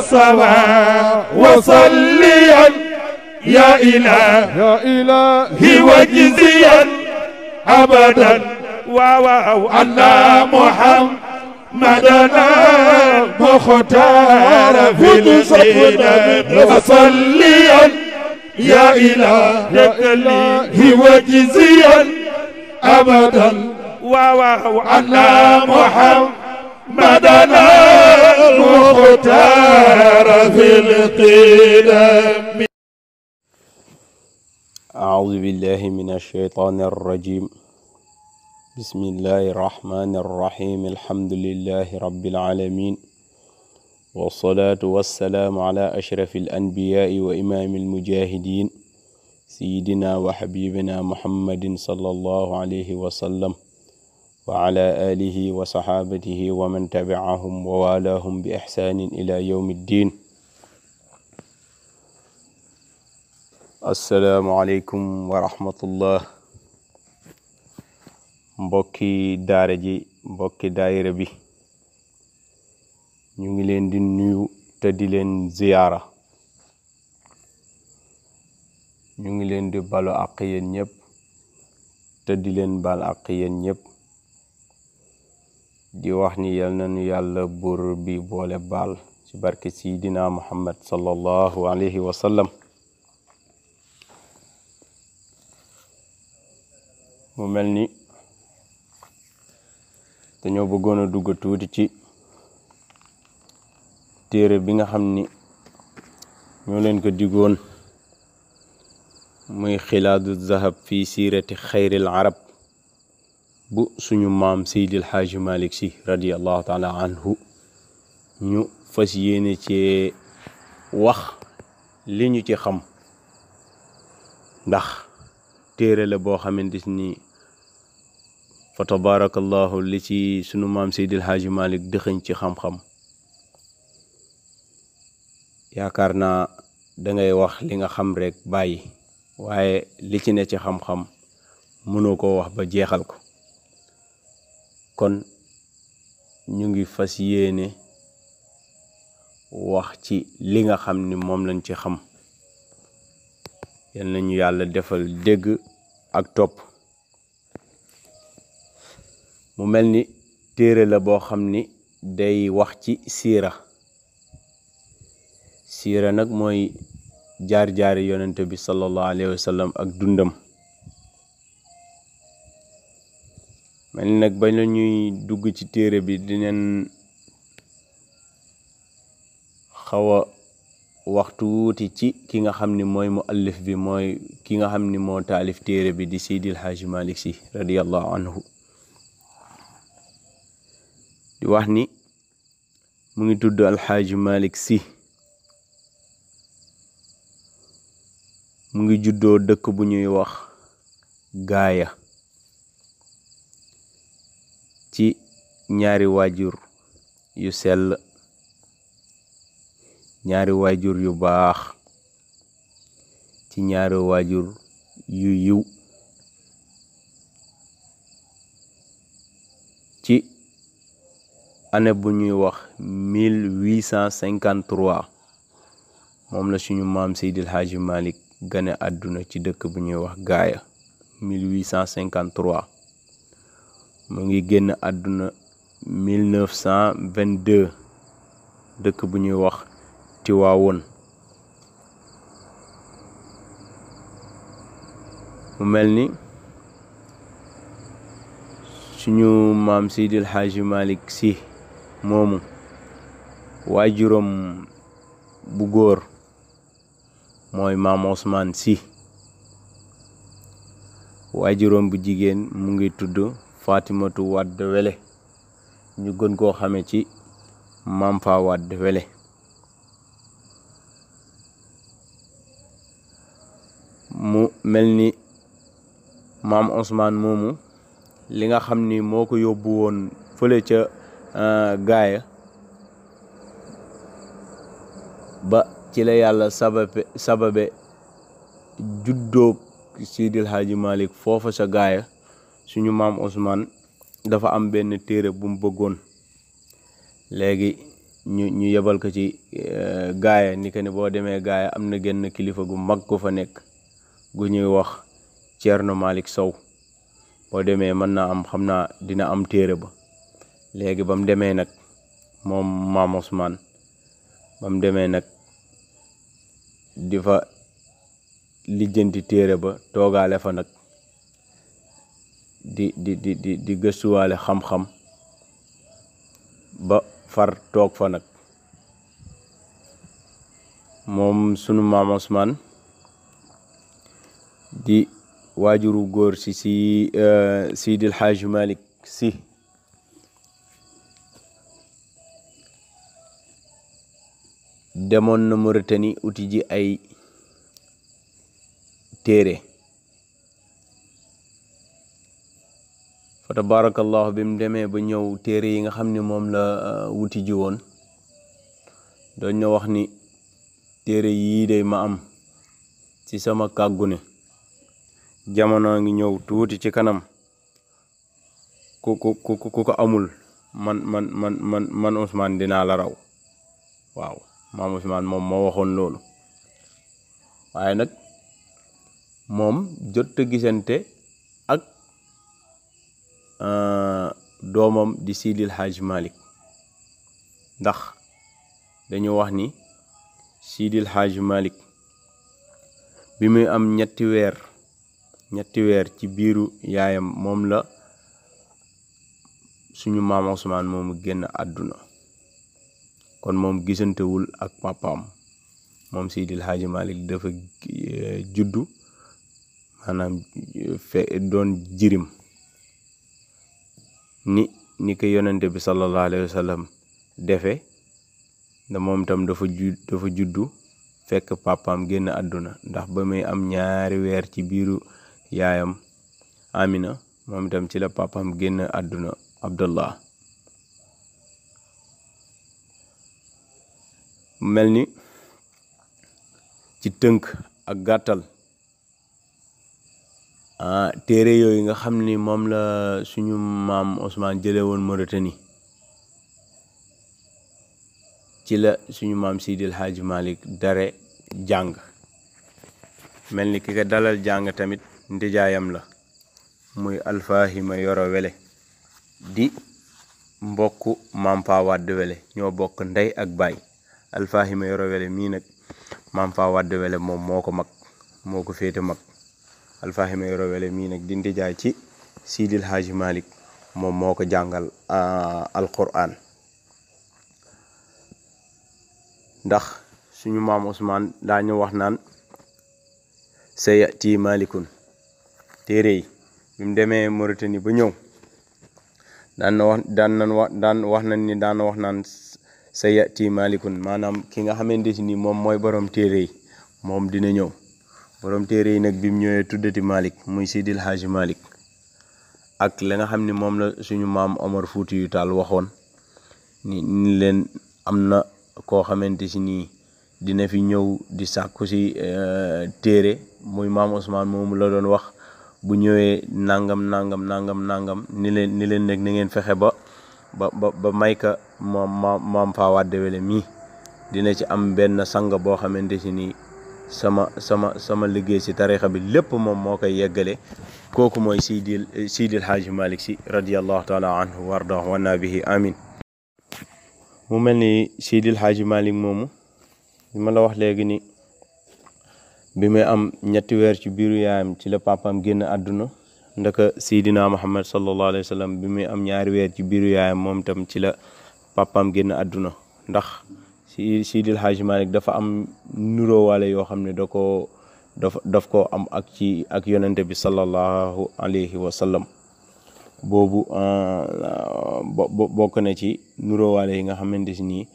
صلاة وصليا يا إله يا إله وجزيا أبدا واو أن محمدنا مختار في الدين وصليا يا إله إله وجزيا أبدا واو أن محمدنا المختار في القلم أعوذ بالله من الشيطان الرجيم بسم الله الرحمن الرحيم الحمد لله رب العالمين والصلاة والسلام على أشرف الأنبياء وإمام المجاهدين سيدنا وحبيبنا محمد صلى الله عليه وسلم وعلى آله وصحابته ومن تبعهم ووالاهم بإحسان إلى يوم الدين السلام عليكم ورحمة الله بكي دارجي بكي دائرة بي نيوغلين دي نيو تدلين زيارة نيوغلين دي بالو أقيا نيب تدلين بالأقيا نيب di wax ni yal nañu yàlla buur bi boole baal ci barke sidina muhammad sallallahu alayhi wa sallam mu mel ni dañoo bëggoon a dugg tuuti ci téere bi nga xam ni ñoo leen ko digoon muy xilaadu zahab fii siirati xayril arab bu suñu maam Seydil Xaaji Malik si radi radiallahu taala anhu ñu fas yéene ci wax li ñu ci xam ndax téere la boo xamante ni fa tabarakallahu li ci sunu maam Seydil Xaaji Malik dëxëñ ci xam-xam yaakaar naa ngay wax li nga xam rek bàyyi waaye li ci ne ci xam-xam mënoo ko wax ba jeexal ko kon ñu ngi fas yéene wax ci li nga xam ni moom lañ ci xam yal nañu yàlla defal dégg ak topp mu mel ni téere la boo xam ni day wax ci siira siira nag mooy jaar-jaari yonente bi sallallahu alayhi wa ak dundam mel nag bañ la ñuy dugg ci téere bi dineen xaw a waxtu wuuti ci ki nga xam ni mooy mu allif bi mooy ki nga xam ni moo taalif téere bi di seydi alhaji malik si radiallahu anhu di wax ni mu ngi tudd alhaji malik si mu ngi juddoo dëkk bu ñuy wax gaaya ci ñaari wajur yu sel ñaari wajur yu bax ci ñaari wajur yu yu ci ane bu ñuy wax 1853 mom la suñu maam Seydil haji malik gane aduna ci dekk bu ñuy wax gaaya 1853 mu ngi génn àdduna 1922 dëkk bu ñuy wax Tiwaawoon mu mel ni suñu maam Seydil Haaji Malick Sy moomu waajuram bu góor mooy maam si waa waajuram bu jigéen mu ngi tudd Fatimatu Wade Wele ñu gën koo xame ci maam Fa Wade Wele mu mel ni maam osmaan moomu li nga xam ni moo ko yóbbu woon fële ca euh, gaaya ba ci la yàlla sababe sababe juddoo Sidil Hadji Malick foofa sa gaaya suñu maam Ousmane dafa am benn téere bu mu bëggoon léegi ñu ñu yebal ko ci eh, gaaya ni que ni boo demee gaaya am na genn kilifa gu mag ko fa nekk gu ñuy wax Thierno Malick Sow boo demee man naa am xam naa dina am téere ba léegi ba mu demee nag moom maam Ousmane ba mu demee nag di fa lijjanti téere ba toogaale fa nag di di di di di gëstuwaale xam-xam ba far toog fa nag moom sunu maam ousmane di waajuru góor si si euh, sidi lhaj malik si demoon na mu retani uti ji ay téere tabarakallahu bi mu demee ba ñëw téere yi nga xam ne moom la uh, wuti ji woon doon ñu wax ni téere yii day ma am ci sama kàggu ne jamono ngi ñëw tuuti ci kanam ku ku ku ku ko amul man man man man man ousmane dinaa la raw waaw maam ousmane moom moo waxoon loolu waaye nag moom jot gisante ak Eh, domam di Sidil haji Malik, ndax dañu wax ni Sidil haji Malik, bi muy am ñetti wër ñetti wër ci biiru yaayam mom la suñu mam Ousmane mom genn aduna kon mom gisantewul ak papam mom Sidil haji Malik dafa eh, juddu maanaam eh, fe don jirim ni ni ko yonente bi sallallahu alayhi wa sallam defe da moom itam dafa ju dafa juddu fekk papaam génn àdduna ndax ba may am ñaari weer ci biiru yaayam amina moom itam ci la papaam génn àdduna abdullah mel ni ci tënk ak gàttal ah téere yooyu nga xam ni moom la suñu maam osmaan jële woon moratani ci la suñu maam sidil haaji malik dare jàng mel ni ki ko dalal jàng tamit ndijaayam la muy alfahima yoro wele di mbokk maam faa wàdd wele ñoo bokk ndey ak bàyyi alfahima yoro wele mii nag maam faa wàdd wele moom moo ko mag moo ko féete mag alfahima ay rewele mi nak dindi jaay ci sidil haji malik mom moko jangal euh, alquran ndax suñu usman da ñu wax naan sayati malikun tere bim deme mauritani bu ñew dan wax dan nan dan wax nan ni dan wax nan sayati malikun manam ki nga xamanteni mom moy borom tere mom dina ñew borom téere yi nag bi mu ñëwee tuddati Malick muy Seydil Hadji Malick ak la nga xam ni moom la suñu maam Omar Fuuti yu Taal waxoon ni leen am na koo xamante si nii dina fi ñëw di sàkku si euh, téere muy maam Ousmane moomu la doon wax bu ñëwee nangam nangam nangam nangam ni leen ni leen nag na ngeen fexe ba ba ba ba mayka maam maam faa wàddewele mii dina ci am benn sanga boo xamante si nii sama sama sama liggéey si tarixa bi lépp moom moo koy yeggale kooku mooy siidil siydil haaji malik si radiallahu taala anhu warda wanna bihi amin mu mel ni siidil haaji malik moomu li ma la wax léegi ni bi muy am ñetti weer ci biiru yaayam ci la papaam génn àdduna ndaka seydina muhammad sallallahu alayhi wa muy am ñaari weer ci biiru moom tam ci la papaam génn àdduna ndax sidil haji malik dafa am nurowale yoo xam ne da ko daf ko am ak ci ak yonente bi salallahu alayhi wa sallam boobu euh, bokk na ci nurowale yi nga xamante si nii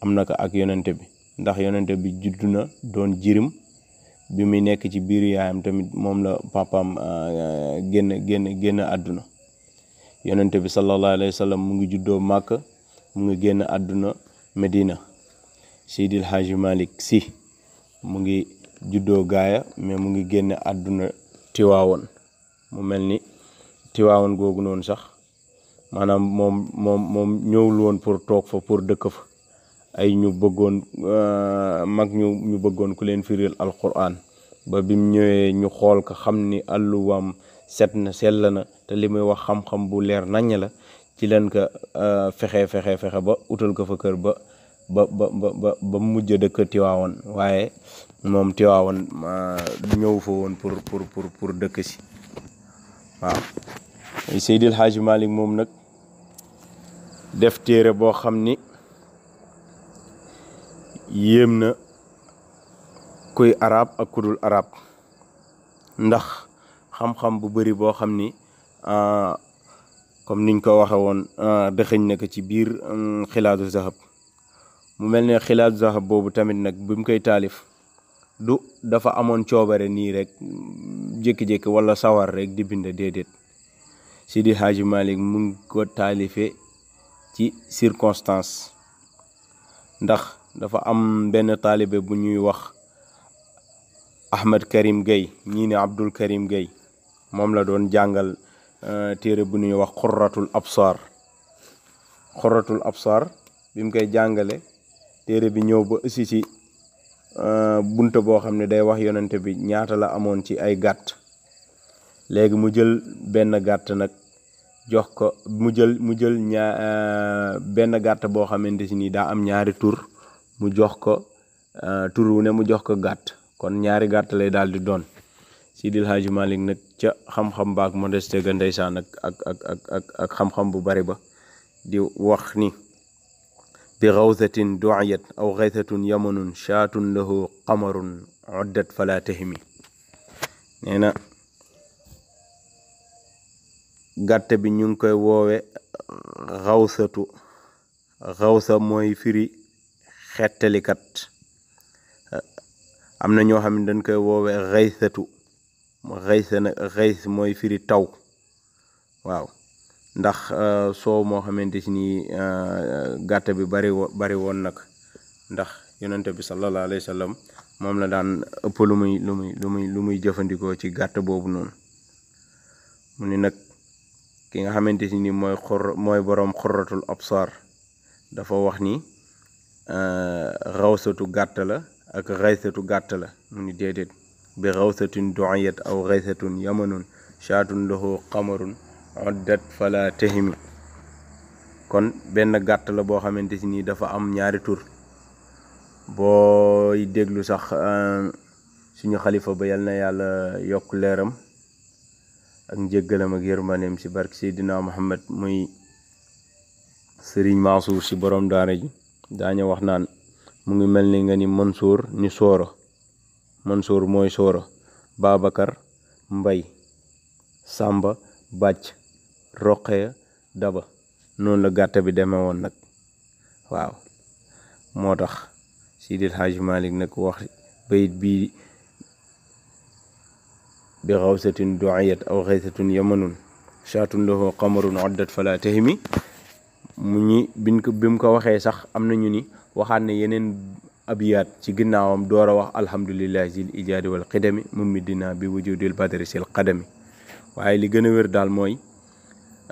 am na ko ak yonente bi ndax yonente bi judd na doon jirim bi muy nekk ci biir yaayam tamit moom la papaam euh, génn génn génn àdduna yonente bi salallahu alayhi wa sallam mu ngi juddoo màkk mu ngi génn àdduna medina sidil haji malik si mu ngi juddo gaaya mais mu ngi genn aduna tiwaawon mu melni ni gogu non sax manam mom mom mom ñewul won pour tok fa pour dekk fa ay ñu bëggoon euh, mag ñu ñu bëggoon ku leen firil alquran ba bim ñewé ñu xol ko xamni ni wam set na te limay wax xam-xam bu leer nañ la ci leen ko fexé euh, fexé fexé ba utul ko fa kër ba ba ba ba ba mujj dëkk Tiwaawoon waaye moom Tiwaawoon ñëw fa woon pour pour pour pour dëkk si waaw Seydil Hadji Malick moom nag def téere boo xam ni yéem na kuy arab ak kudul arab ndax xam-xam bu bari boo xam ni ah, comme niñ ko waxe woon ah, dëxëñ na ko ci biir mm, xilaatu zahab mu melni ne zahab bobu tamit nak bi mu koy taalif du dafa amone ciobare ni rek jek jek wala sawar rek di bind dedet Sidi haji malik mu ko talife ci circonstance ndax dafa am ben talibe bu ñuy wax Ahmed Karim gay ñi ni Abdul Karim gay mom la doon jàngal téré bu ñuy wax xurratul absar xurratul absar bim koy jàngale téere bi ñëw ba aussi ci euh, bunta boo xam ne day wax yonente bi ñaata la amoon ci ay gàtt léegi mu jël benn gàtt nag jox ko mu jël mu jël ñaa euh, benn gàtt boo xamante si nii daa am ñaari tur mu jox ko euh, tur wu ne mu jox ko gàtt kon ñaari gàtt lay daal di doon Sidil Hadji Malick nag ca xam-xam baak modeste ga ndeysaan ak ak ak ak ak xam-xam bu bari ba di wax ni bi rawsatin duayat aw xaysatun yamanun shaatun lahu qamarun uddat fala tahimi nee na bi ñu ngi koy woowe xawsatu xawsa mooy firi xettalikat am na ñoo xam ne dañ koy woowe xaysatu xaysa nag xays firi taw waaw ndax soow moo xamante si nii bi bari bari woon nag ndax yonente bi sallallahu alayhi wasallam sallam moom la daan ëpp lu muy lu muy lu muy lu muy jëfandikoo ci gàtt boobu noonu mu ni nag ki nga xamante si ni mooy xor mooy boroom xorratul absar dafa wax ni rawsatu gàtt la ak xaysatu gàtt la mu ni déedéet bi xawsatin duayat aw xaysatun yamanun shaatun lahu qamarun oddat fala tahimi kon benn gàtt la boo xamante si nii dafa am ñaari tur booy déglu sax euh, suñu xalifa ba yal na yàlla yokk leeram ak njëggalam ak yërmaneem si barke Seydina Muhammad muy sëriñ Mansour si borom daara ji daañu wax naan mu ngi mel ni nga ni Mansour ni soora Mansour mooy soora Babacar Mbay Sàmba Bàcc roqe Daba non la gàtt bi demé won nak waaw motax Sidil Hadj malik nak wax bayit bi bi xawsatin duayat aw xaysatun yamanun shatun lahu qamarun addat fala tahimi muñi biñ ko bim ko waxe sax amna ñu ni waxaat ne yeneen abiyaat ci ginnaawam doora wax alhamdulilahi zil ijaadi wal qadami mumidina bi wujudil badri sil qadami waye li gëna wér dal moy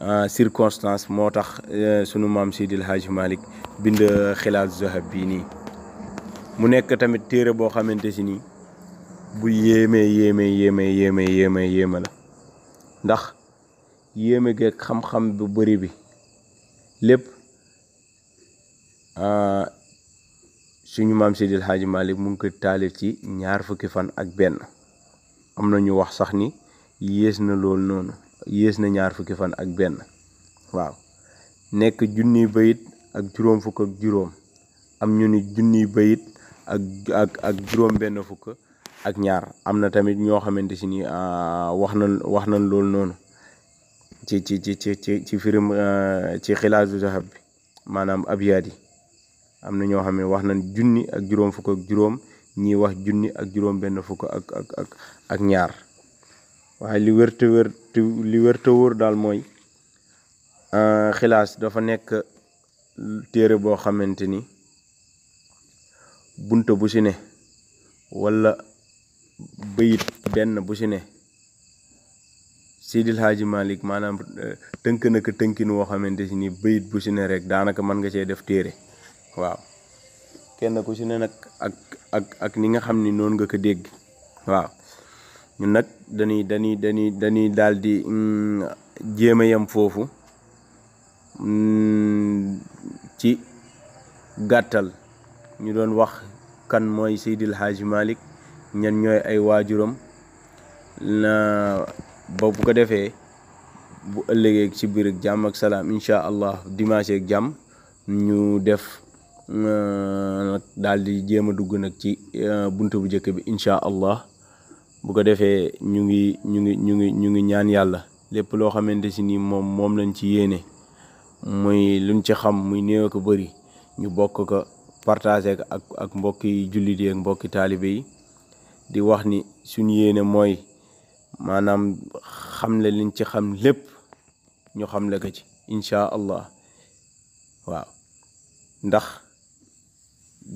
Euh, circonstance moo tax euh, suñu maam Seydil Hadji malik bind xilaas zohab bii nii mu nekk tamit téere boo xamante si nii bu yéemee yéemee yéemee yéemee yéemee yéeme la ndax yéeme géeg xam-xam bu bari bi lépp euh, suñu maam Seydil Hadji Malick mu ngi ko ci ñaar fukki fan ak benn am na ñu wax sax ni yées na loolu noonu yées na ñaar fukki fan ak benn waaw nekk junni bayit ak juróom fukk ak juróom am ñu ni junniy bayit ak ak ak juróom benn fukk ak ñaar am na tamit ñoo xamante si ni ah, wax na wax nañ loolu noonu ci ci ci ci ci ci firim ah, ci xilaasu bi maanaam abiyaat yi am na ñoo xam ne wax nañ junni ak juróom fukk ak juróom ñii wax junni ak juróom benn fukk ak ak ak ñaar waaye li wér te li wér te daal mooy euh, xilaas dafa nekk téere boo xamante ni bunta bu ci ne walla bayit benn bu ci ne Seydil Hadji Malick maanaam euh, tënk na tënkin woo xamante si ni bayit bu ci ne rek daanaka mën nga cee def téere waaw kenn ku ci ne nag ak ak ak ni nga xam ni noonu nga ko dégg waaw ñun nag dañuy dañuy dañuy dañuy daal di mm, jéem a yem foofu mm, ci gàttal ñu doon wax kan mooy Seydil Hadji Malick ñan ñooy ay waajuram na ba bu ko defee bu ëllëgeek ci biir ak jàmm ak salaam incha allah dimanche ak jàmm ñu def nag mm, daal jéem a dugg nag ci euh, bunt bu njëkk bi incha allah bu ko defee ñu ngi ñu ngi ñu ngi ñu ngi ñaan yàlla lépp loo xamante si nii moom moom lañ ci yéene muy luñ ci xam muy néew ko bëri ñu bokk ko partagé ak ak mbokki jullit yi ak mbokki taalibe yi di wax ni suñu yéene mooy maanaam xamle liñ ci xam lépp ñu xamle ko ci incha allah waaw ndax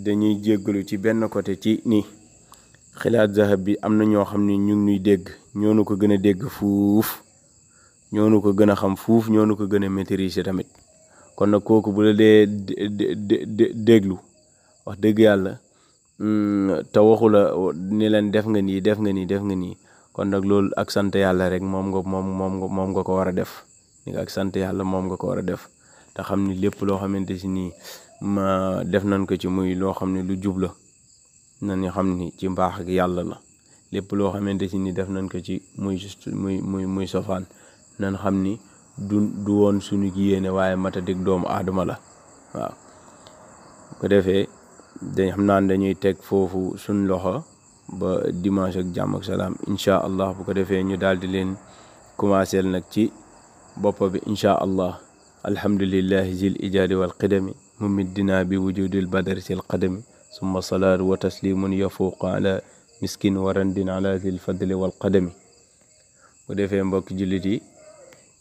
dañuy jéggalu ci benn côté ci nii xilaat zahab bi am na ñoo xam ne ñu ngi ñuy dégg ñoonu ko gën a dégg fuuf ñoonu ko gën a xam fuuf ñoo nu ko gën a maîtriser tamit kon nag kooku bu la dee déglu wax dëgg yàlla mm, te waxula la ni leen def nga nii def nga nii def nga nii kon nag loolu ak sant yàlla rek moom nga moom moom nga moom nga ko war a def ak sant yàlla moom nga ko war a def te xam ni lépp loo xamante si nii ma def nañ ko ci muy loo xam ne lu jubla nañu xam ni ci mbax ak yàlla la lépp lo xamante si ni def nañ ko ci muy muy muy muy sofane nañ xamni du du won suñu waye mata dig doomu aduma la waaw ko defé dañ xam naan dañuy tek fofu suñ loxo ba dimanche ak jàmm ak salam insha allah bu ko defé ñu dal di len commencer nak ci bop bi insha allah alhamdulillahi zil ijaadi wal qidami mu middinaa bi wujudil badari sil qadami summa salaatu wa taslimun yafuuqu ala miskin wa randin ala zil fadli wal qadami bu defee mbokk jullit yi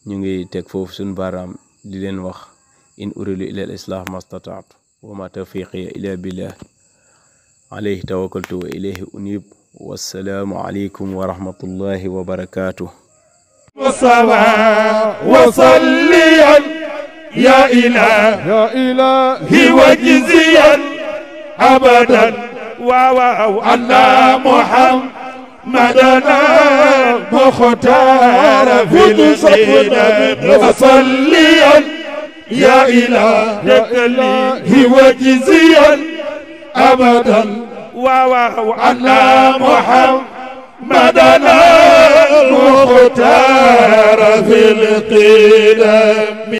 ñu ngi teg foofu suñ baaraam di leen wax in uridu ila al islah mastataatu wa ma tawfiqiya ila billah alayhi tawakkaltu wa ilayhi unib wassalaamu aleykum wa rahmatullahi wa barakaatuh وصليا يا إلهي وجزيا أبدا واو أن محمدنا مختار في الدين أصليا يا إلهي وجزيا أبدا واو أن محمدنا مختار في القدم